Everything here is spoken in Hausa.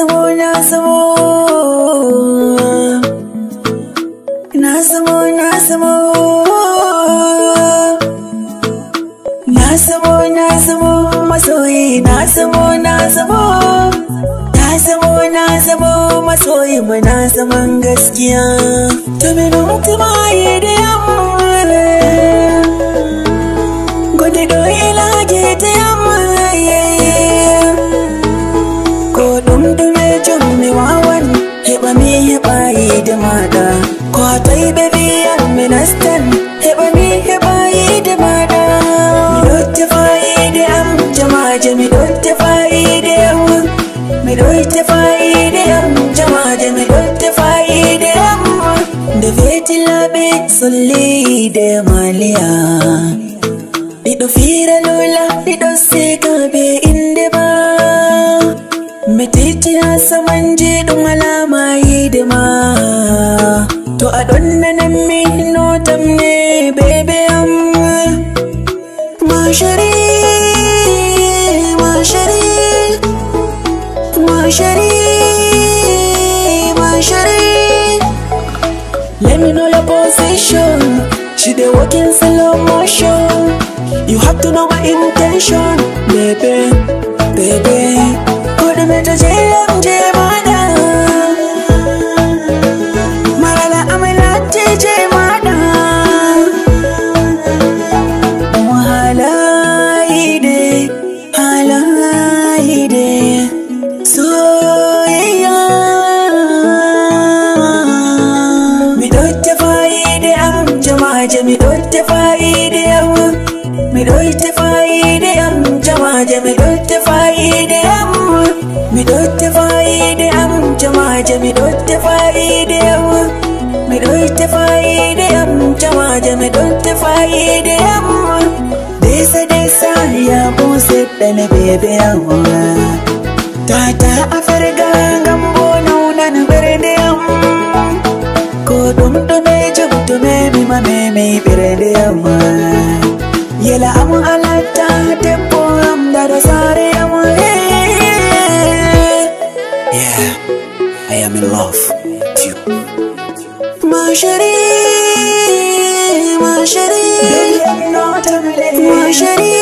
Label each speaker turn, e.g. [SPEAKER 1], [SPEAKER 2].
[SPEAKER 1] zamo na zamo na zamo na zamo na zamo na zamo masoyi na zamo na zamo na zamo na zamo masoyi mu na zaman gaskiya to me mutum aye da yamma akwai bibiyar ministan heba ni heba yi da mada mi dotte fa'i da yan jamaje mi dotte fa'i da yan mi dotte fa'i da yan jamaje mi dotte fa'i da yan da veti labe sulli da maliya ido fira lola ido se be inde ba mi titi na saman je dumala mai da ma adonna nammi no tamne baby amma ma let me know your position she dey walk in slow motion you have to know my intention baby baby mi ɗo tefa yiide yam mi ɗo fa'ide yiide yam jamaje mi ɗo tefa yiide yam mi ɗo tefa yiide yam jamaje mi ɗo tefa yiide yam mi ɗo tefa yiide yam jamaje mi ɗo tefa yiide desa desa ya bo seɗɗane bebe yawa tata afergan birni yamma yela amu alata tempo am da da sare amure yeah i am in love with you mashari mashari baby i'm not a lady mashari